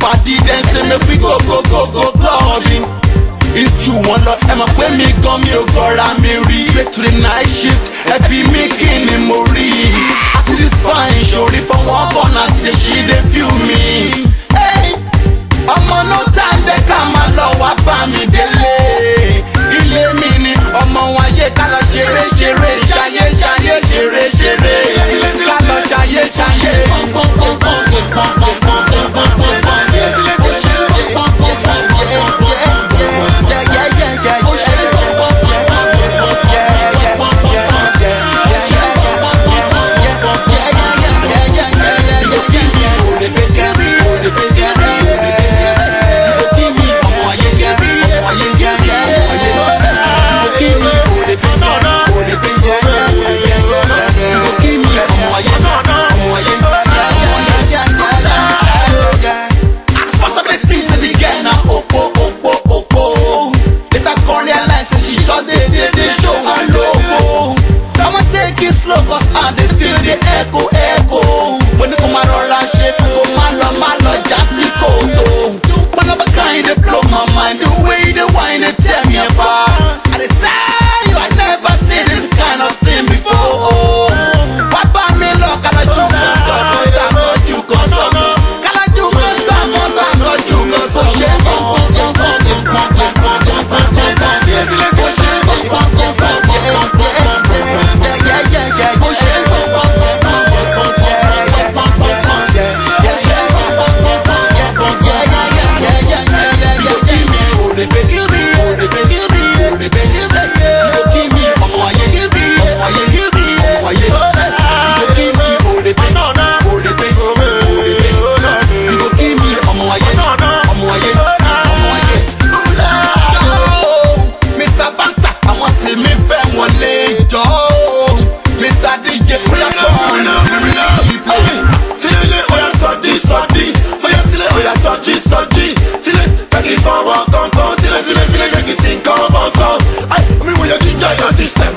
pàdé dem say make we go go go go clubbing. It's true wọn lọ And mọ̀ pé mi gan mi ò gọ́ra Straight to the night shift, Happy mi kì ni mo I see this fine ṣòrí from one corner say she dey feel me. Ọmọ hey, no time jẹ́ ká máa lọ wá bá mi délé. Ilé mi ni ọmọ wọn ayé ká lọ ṣeré ṣeré ṣayé ṣayé ṣeré ṣeré. Ká lọ ṣayé ṣayé. Ṣé pọ́npọ́npọ́npọ́n. feel the echo enjoy your system.